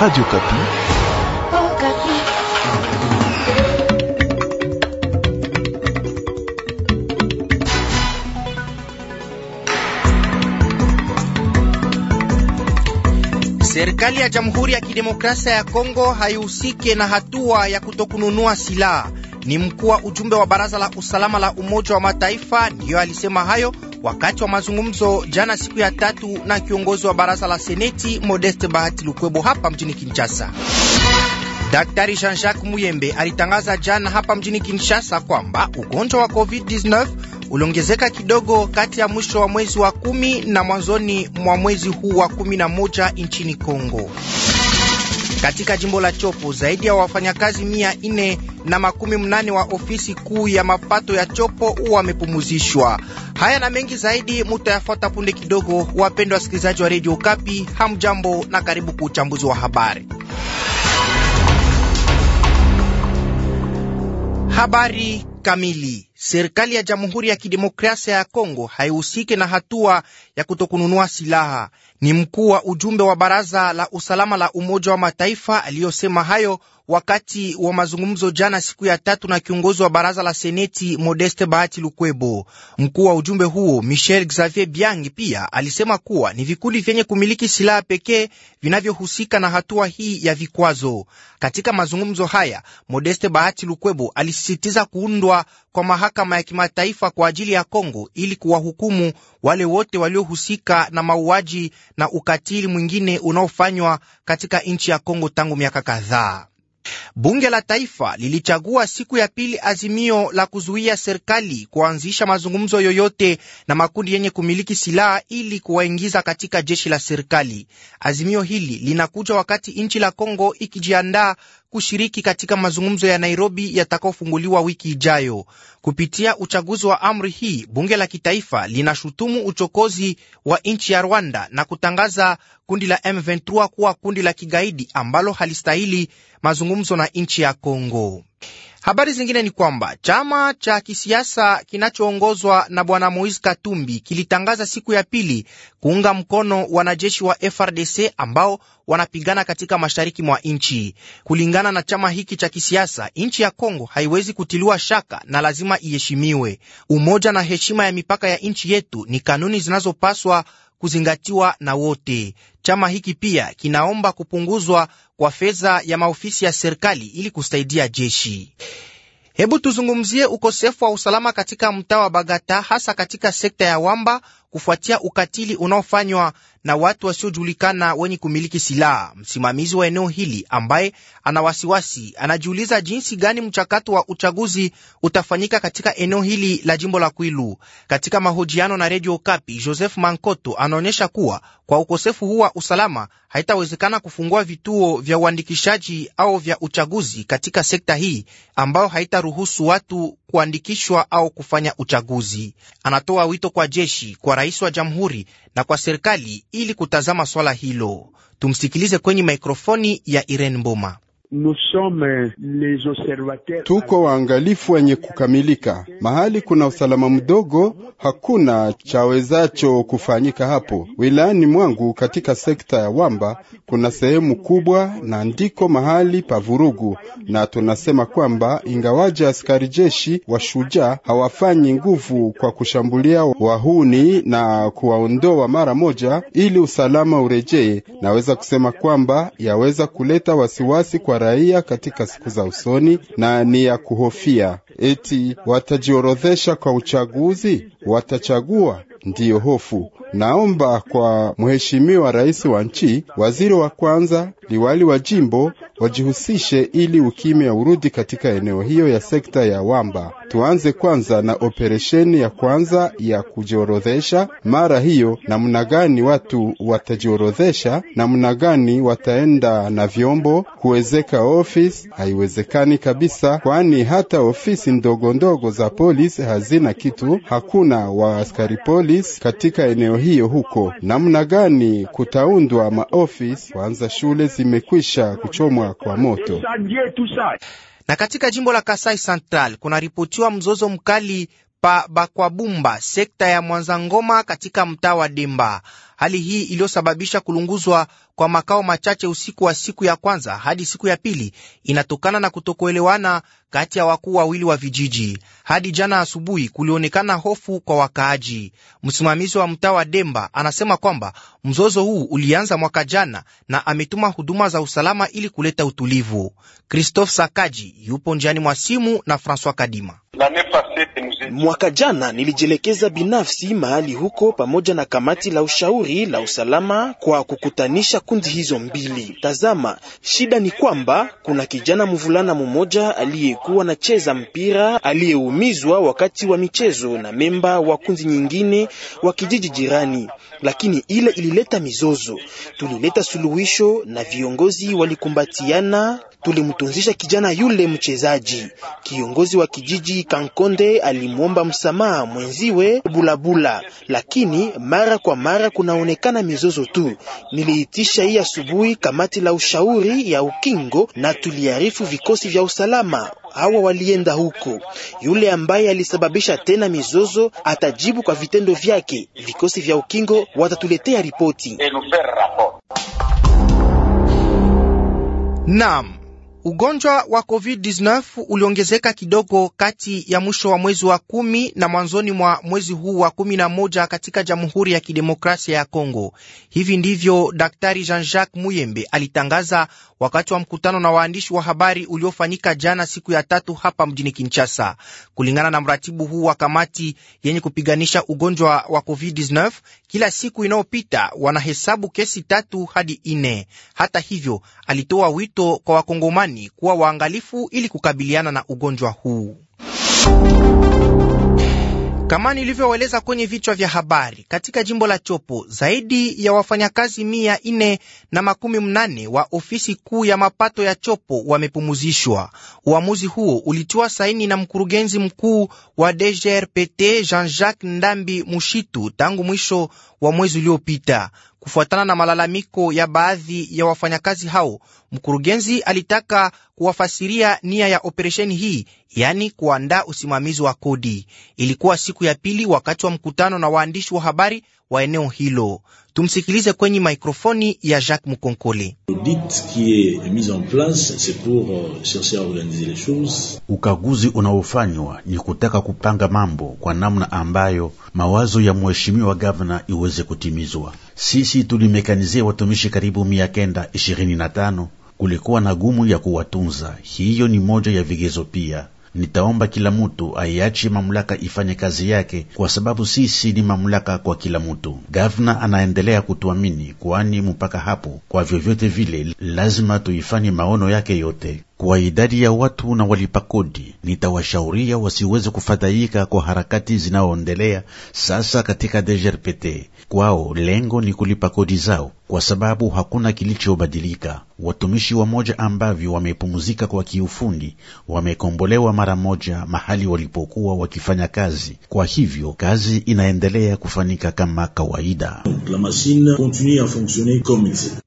Radio Kapi. Oh, Kapi. Serikali ya Jamhuri ya Kidemokrasia ya Kongo haihusike na hatua ya kutokununua silaha. Ni mkuu wa ujumbe wa Baraza la Usalama la Umoja wa Mataifa ndiyo alisema hayo wakati wa mazungumzo jana siku ya tatu na kiongozi wa baraza la seneti Modeste Bahati Lukwebo hapa mjini Kinshasa. Daktari Jean-Jacques Muyembe alitangaza jana hapa mjini Kinshasa kwamba ugonjwa wa COVID-19 uliongezeka kidogo kati ya mwisho wa mwezi wa kumi na mwanzoni mwa mwezi huu wa kumi na moja nchini Kongo. Katika jimbo la Chopo zaidi ya wafanyakazi mia ine na makumi mnane wa ofisi kuu ya mapato ya Chopo wamepumuzishwa. Haya na mengi zaidi mutayafuata punde kidogo. Wapendwa wasikilizaji wa redio Kapi, hamjambo na karibu kwa uchambuzi wa habari. Habari kamili. Serikali ya Jamhuri ya Kidemokrasia ya Kongo haihusiki na hatua ya kutokununua silaha. Ni mkuu wa ujumbe wa Baraza la Usalama la Umoja wa Mataifa aliyosema hayo wakati wa mazungumzo jana siku ya tatu na kiongozi wa baraza la seneti Modeste Bahati Lukwebo. Mkuu wa ujumbe huo Michel Xavier Biang pia alisema kuwa ni vikundi vyenye kumiliki silaha pekee vinavyohusika na hatua hii ya vikwazo. Katika mazungumzo haya, Modeste Bahati Lukwebo alisisitiza kuundwa kwa mahakama ya kimataifa kwa ajili ya Kongo ili kuwahukumu wale wote waliohusika na mauaji na ukatili mwingine unaofanywa katika nchi ya Kongo tangu miaka kadhaa. Bunge la Taifa lilichagua siku ya pili azimio la kuzuia serikali kuanzisha mazungumzo yoyote na makundi yenye kumiliki silaha ili kuwaingiza katika jeshi la serikali. Azimio hili linakuja wakati nchi la Kongo ikijiandaa kushiriki katika mazungumzo ya Nairobi yatakaofunguliwa wiki ijayo. Kupitia uchaguzi wa amri hii, bunge la kitaifa linashutumu uchokozi wa nchi ya Rwanda na kutangaza kundi la M23 kuwa kundi la kigaidi ambalo halistahili mazungumzo na nchi ya Kongo. Habari zingine ni kwamba chama cha kisiasa kinachoongozwa na bwana Moise Katumbi kilitangaza siku ya pili kuunga mkono wanajeshi wa FRDC ambao wanapigana katika mashariki mwa nchi. Kulingana na chama hiki cha kisiasa, nchi ya Kongo haiwezi kutiliwa shaka na lazima iheshimiwe. Umoja na heshima ya mipaka ya nchi yetu ni kanuni zinazopaswa kuzingatiwa na wote. Chama hiki pia kinaomba kupunguzwa kwa fedha ya maofisi ya serikali ili kusaidia jeshi. Hebu tuzungumzie ukosefu wa usalama katika mtaa wa Bagata, hasa katika sekta ya Wamba kufuatia ukatili unaofanywa na watu wasiojulikana wenye kumiliki silaha. Msimamizi wa eneo hili ambaye ana wasiwasi anajiuliza jinsi gani mchakato wa uchaguzi utafanyika katika eneo hili la jimbo la Kwilu. Katika mahojiano na redio Kapi, Joseph Mankoto anaonyesha kuwa kwa ukosefu huu wa usalama haitawezekana kufungua vituo vya uandikishaji au vya uchaguzi katika sekta hii ambayo haitaruhusu watu kuandikishwa au kufanya uchaguzi. Anatoa wito kwa jeshi kwa rais wa jamhuri na kwa serikali ili kutazama swala hilo. Tumsikilize kwenye maikrofoni ya Irene Mboma. Euh, Tuko waangalifu wenye kukamilika. Mahali kuna usalama mdogo, hakuna chawezacho kufanyika hapo. Wilayani mwangu katika sekta ya Wamba kuna sehemu kubwa na ndiko mahali pa vurugu, na tunasema kwamba ingawaje askari jeshi wa shujaa hawafanyi nguvu kwa kushambulia wahuni na kuwaondoa mara moja ili usalama urejee, naweza kusema kwamba yaweza kuleta wasiwasi kwa kwa raia katika siku za usoni na ni ya kuhofia. Eti watajiorodhesha kwa uchaguzi, watachagua ndiyo hofu. Naomba kwa mheshimiwa rais wa nchi, waziri wa kwanza liwali wa jimbo wajihusishe ili ukimya urudi katika eneo hiyo ya sekta ya Wamba. Tuanze kwanza na operesheni ya kwanza ya kujiorodhesha. Mara hiyo, namna gani watu watajiorodhesha, namna gani wataenda na vyombo kuwezeka ofisi? Haiwezekani kabisa, kwani hata ofisi ndogo ndogo za polisi hazina kitu. Hakuna waaskari polisi katika eneo hiyo huko. Namna gani kutaundwa maofisi? Kwanza shule zimekwisha kuchomwa kwa moto. Na katika jimbo la Kasai Central kunaripotiwa mzozo mkali pa Bakwabumba, sekta ya Mwanzangoma katika mtaa wa Demba, hali hii iliyosababisha kulunguzwa kwa makao machache usiku wa siku ya kwanza hadi siku ya pili inatokana na kutokuelewana kati ya wakuu wawili wa vijiji. Hadi jana asubuhi kulionekana hofu kwa wakaaji. Msimamizi wa mtaa wa Demba anasema kwamba mzozo huu ulianza mwaka jana na ametuma huduma za usalama ili kuleta utulivu. Christophe Sakaji yupo njiani mwa simu na Francois Kadima. Mwaka jana nilijielekeza binafsi mahali huko pamoja na kamati la ushauri la usalama kwa kukutanisha kundi hizo mbili. Tazama, shida ni kwamba kuna kijana mvulana mmoja aliyekuwa anacheza mpira aliyeumizwa wakati wa michezo na memba wa kundi nyingine wa kijiji jirani, lakini ile ilileta mizozo. Tulileta suluhisho na viongozi walikumbatiana tulimtunzisha kijana yule mchezaji. Kiongozi wa kijiji Kankonde alimwomba msamaha mwenziwe Bulabula, lakini mara kwa mara kunaonekana mizozo tu. Niliitisha hii asubuhi kamati la ushauri ya ukingo na tuliarifu vikosi vya usalama hawa walienda huko. Yule ambaye alisababisha tena mizozo atajibu kwa vitendo vyake. Vikosi vya ukingo watatuletea ripoti. Naam. Ugonjwa wa COVID-19 uliongezeka kidogo kati ya mwisho wa mwezi wa kumi na mwanzoni mwa mwezi huu wa kumi na moja katika Jamhuri ya Kidemokrasia ya Kongo. Hivi ndivyo Daktari Jean-Jacques Muyembe alitangaza wakati wa mkutano na waandishi wa habari uliofanyika jana siku ya tatu hapa mjini Kinshasa. Kulingana na mratibu huu wa kamati yenye kupiganisha ugonjwa wa COVID-19, kila siku inayopita wanahesabu kesi tatu hadi ine. Hata hivyo, alitoa wito kwa Wakongomani duniani kuwa waangalifu ili kukabiliana na ugonjwa huu. Kama nilivyoeleza kwenye vichwa vya habari, katika jimbo la Chopo zaidi ya wafanyakazi mia nne na makumi mnane wa ofisi kuu ya mapato ya Chopo wamepumuzishwa. Uamuzi huo ulitiwa saini na mkurugenzi mkuu wa DGRPT Jean-Jacques Ndambi Mushitu tangu mwisho wa mwezi uliopita. Kufuatana na malalamiko ya baadhi ya wafanyakazi hao, mkurugenzi alitaka kuwafasiria nia ya operesheni hii, yaani kuandaa usimamizi wa kodi. Ilikuwa siku ya pili wakati wa mkutano na waandishi wa habari wa eneo hilo. Tumsikilize kwenye mikrofoni ya Jacques Mukonkole. Euh, Ukaguzi unaofanywa ni kutaka kupanga mambo kwa namna ambayo mawazo ya mheshimiwa gavana iweze kutimizwa. Sisi tulimekanize watumishi karibu mia kenda ishirini na tano. Kulikuwa na gumu ya kuwatunza, hiyo ni moja ya vigezo pia. Nitaomba kila mutu aiache mamlaka ifanye kazi yake, kwa sababu sisi ni mamlaka kwa kila mutu gavna anaendelea kutuamini, kwani mpaka hapo, kwa vyovyote vile, lazima tuifanye maono yake yote kwa idadi ya watu na walipa kodi. Nitawashauria wasiweze kufadhaika kwa harakati zinaoendelea sasa katika DGRPT. Kwao lengo ni kulipa kodi zao, kwa sababu hakuna kilichobadilika. Watumishi wa moja ambavyo wamepumzika kwa kiufundi wamekombolewa mara moja mahali walipokuwa wakifanya kazi. Kwa hivyo kazi inaendelea kufanyika kama kawaida. la machine continue fonctionner comme il faut.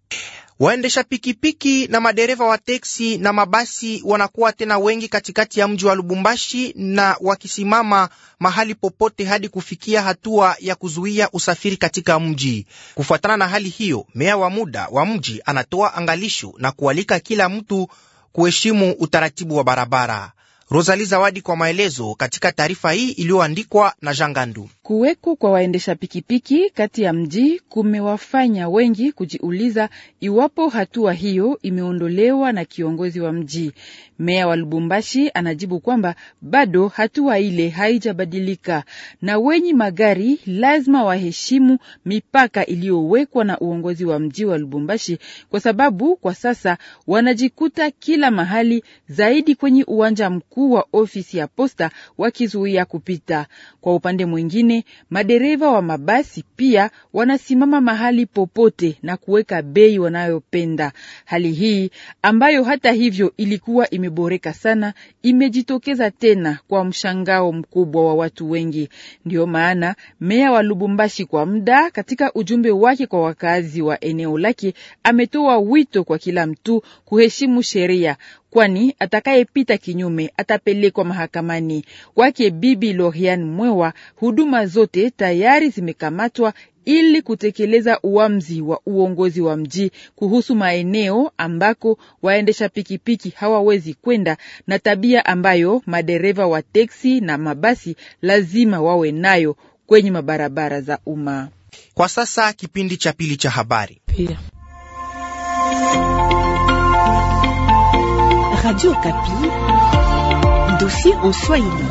Waendesha pikipiki na madereva wa teksi na mabasi wanakuwa tena wengi katikati ya mji wa Lubumbashi na wakisimama mahali popote hadi kufikia hatua ya kuzuia usafiri katika mji. Kufuatana na hali hiyo, meya wa muda wa mji anatoa angalisho na kualika kila mtu kuheshimu utaratibu wa barabara. Rosali Zawadi kwa maelezo katika taarifa hii iliyoandikwa na Jangandu. Kuweko kwa waendesha pikipiki kati ya mji kumewafanya wengi kujiuliza iwapo hatua hiyo imeondolewa na kiongozi wa mji. Meya wa Lubumbashi anajibu kwamba bado hatua ile haijabadilika na wenye magari lazima waheshimu mipaka iliyowekwa na uongozi wa mji wa Lubumbashi, kwa sababu kwa sasa wanajikuta kila mahali, zaidi kwenye uwanja mkuu wa ofisi ya posta, wakizuia kupita. Kwa upande mwingine madereva wa mabasi pia wanasimama mahali popote na kuweka bei wanayopenda. Hali hii ambayo hata hivyo ilikuwa imeboreka sana, imejitokeza tena kwa mshangao mkubwa wa watu wengi. Ndiyo maana meya wa Lubumbashi kwa muda, katika ujumbe wake kwa wakazi wa eneo lake, ametoa wito kwa kila mtu kuheshimu sheria kwani atakayepita kinyume atapelekwa mahakamani. Kwake Bibi Lorian Mwewa, huduma zote tayari zimekamatwa ili kutekeleza uamuzi wa uongozi wa mji kuhusu maeneo ambako waendesha pikipiki hawawezi kwenda na tabia ambayo madereva wa teksi na mabasi lazima wawe nayo kwenye mabarabara za umma. Kwa sasa kipindi cha pili cha habari Pia. Radio Kapi, dossier en Swahili.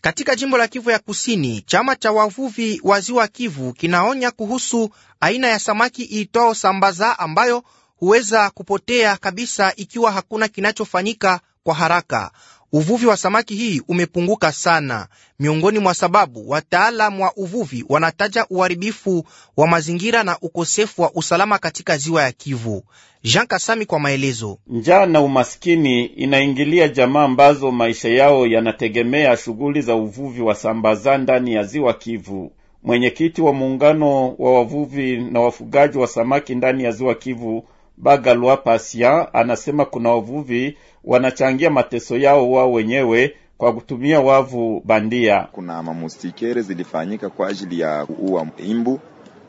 Katika jimbo la Kivu ya Kusini, chama cha wavuvi wa Ziwa Kivu kinaonya kuhusu aina ya samaki iitwao sambaza ambayo huweza kupotea kabisa ikiwa hakuna kinachofanyika kwa haraka uvuvi wa samaki hii umepunguka sana, miongoni mwa sababu wataalamu wa uvuvi wanataja uharibifu wa mazingira na ukosefu wa usalama katika ziwa ya Kivu. Jean Kasami kwa maelezo. Njaa na umaskini inaingilia jamaa ambazo maisha yao yanategemea shughuli za uvuvi wa sambaza ndani ya ziwa Kivu. Mwenyekiti wa muungano wa wavuvi na wafugaji wa samaki ndani ya ziwa Kivu Bagalwa Pasia anasema kuna wavuvi wanachangia mateso yao wao wenyewe kwa kutumia wavu bandia. Kuna mamustikere zilifanyika kwa ajili ya kuua imbu,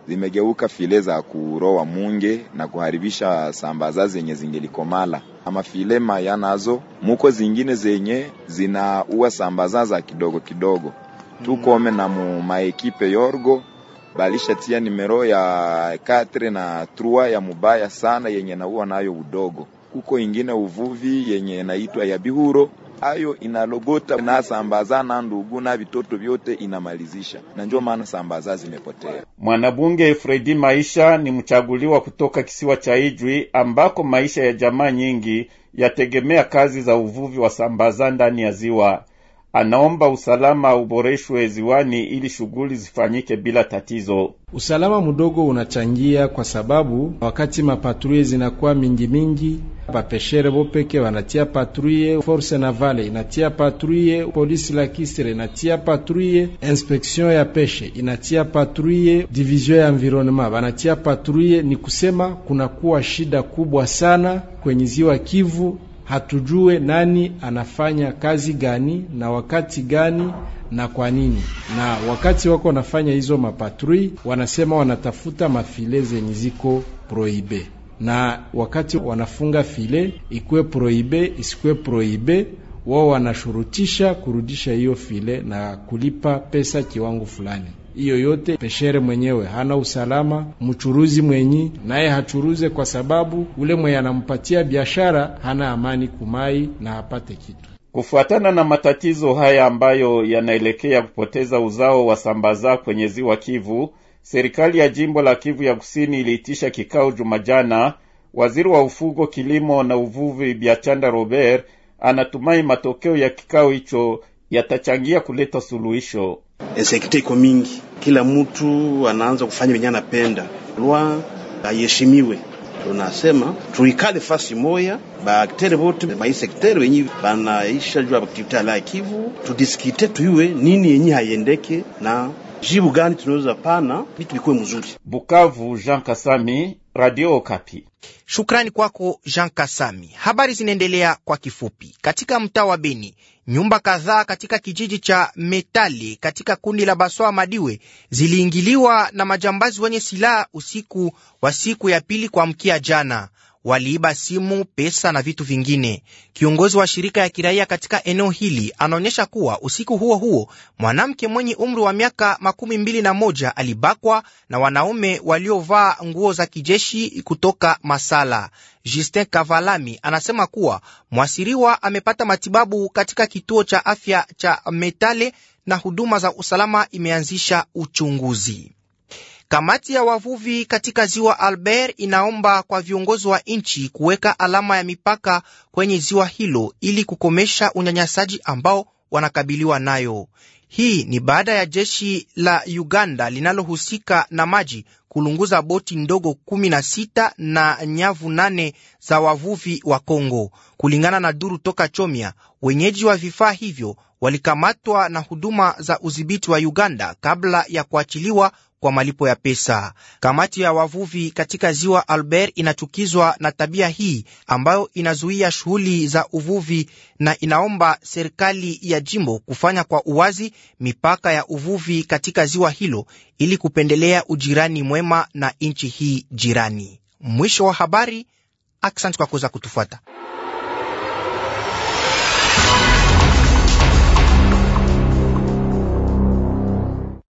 zimegeuka file za kuroa munge na kuharibisha sambaza zenye zingelikomala amafilema yanazo muko zingine zenye zinaua sambaza za kidogo kidogo. Tukome mm. na mu maekipe yorgo balishatia nimero ya 4 na 3 ya mubaya sana yenye naua nayo udogo. Kuko ingine uvuvi yenye inaitwa ya bihuro ayo inalogota na sambazana ndugu na vitoto vyote inamalizisha, na ndio maana sambaza zimepotea. Mwanabunge Fredi Maisha ni mchaguliwa kutoka kisiwa cha Ijwi ambako maisha ya jamaa nyingi yategemea kazi za uvuvi wa sambaza ndani ya ziwa anaomba usalama uboreshwe ziwani ili shughuli zifanyike bila tatizo. Usalama mdogo unachangia kwa sababu wakati mapatruye zinakuwa mingi mingi, bapeshere bopeke wanatia patruye, force navale inatia patruye, polisi la kisere inatia patruye, inspection ya peshe inatia patruye, division ya environnement wanatia patruye. Ni kusema kunakuwa shida kubwa sana kwenye ziwa Kivu hatujue nani anafanya kazi gani na wakati gani na kwa nini. Na wakati wako wanafanya hizo mapatrui, wanasema wanatafuta mafile zenye ziko proibe, na wakati wanafunga file ikuwe proibe isikuwe proibe wao wanashurutisha kurudisha hiyo file na kulipa pesa kiwango fulani hiyo yote peshere mwenyewe hana usalama, mchuruzi mwenyi naye hachuruze, kwa sababu ule mwenye anampatia biashara hana amani kumai na hapate kitu. Kufuatana na matatizo haya ambayo yanaelekea kupoteza uzao wa sambaza kwenye ziwa Kivu, serikali ya jimbo la Kivu ya Kusini iliitisha kikao Jumajana. Waziri wa ufugo, kilimo na uvuvi Biachanda Robert anatumai matokeo ya kikao hicho yatachangia kuleta suluhisho. Insekirite iko mingi, kila mtu anaanza kufanya venye anapenda, lwa haiheshimiwe. Tunasema tuikale fasi moya, baakteri vote baisekteri wenye banaisha jua aktivite ala Kivu, tudiskite tuiwe nini yenye haiendeke na jibu gani tunaweza pana vitu vikuwe mzuri. Bukavu, Jean Kasami, Radio Okapi. Shukrani kwako Jean Kasami. Habari zinaendelea kwa kifupi. Katika mtaa wa Beni, nyumba kadhaa katika kijiji cha Metali katika kundi la Basoa Madiwe ziliingiliwa na majambazi wenye silaha usiku wa siku ya pili kuamkia jana waliiba simu, pesa na vitu vingine. Kiongozi wa shirika ya kiraia katika eneo hili anaonyesha kuwa usiku huo huo mwanamke mwenye umri wa miaka makumi mbili na moja alibakwa na wanaume waliovaa nguo za kijeshi kutoka Masala. Justin Kavalami anasema kuwa mwasiriwa amepata matibabu katika kituo cha afya cha Metale na huduma za usalama imeanzisha uchunguzi. Kamati ya wavuvi katika ziwa Albert inaomba kwa viongozi wa nchi kuweka alama ya mipaka kwenye ziwa hilo ili kukomesha unyanyasaji ambao wanakabiliwa nayo. Hii ni baada ya jeshi la Uganda linalohusika na maji kulunguza boti ndogo 16 na nyavu 8 za wavuvi wa Kongo. Kulingana na duru toka Chomia, wenyeji wa vifaa hivyo walikamatwa na huduma za udhibiti wa Uganda kabla ya kuachiliwa kwa malipo ya pesa. Kamati ya wavuvi katika ziwa Albert inachukizwa na tabia hii ambayo inazuia shughuli za uvuvi na inaomba serikali ya jimbo kufanya kwa uwazi mipaka ya uvuvi katika ziwa hilo ili kupendelea ujirani mwema na nchi hii jirani. Mwisho wa habari. aksanti kwa kuweza kutufuata.